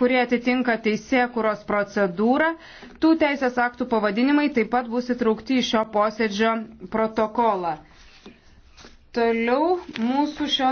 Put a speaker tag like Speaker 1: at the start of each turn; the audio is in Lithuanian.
Speaker 1: kurie atitinka teisėkuros procedūrą. Tų teisės aktų pavadinimai taip pat bus įtraukti į šio posėdžio protokolą. Toliau
Speaker 2: mūsų šio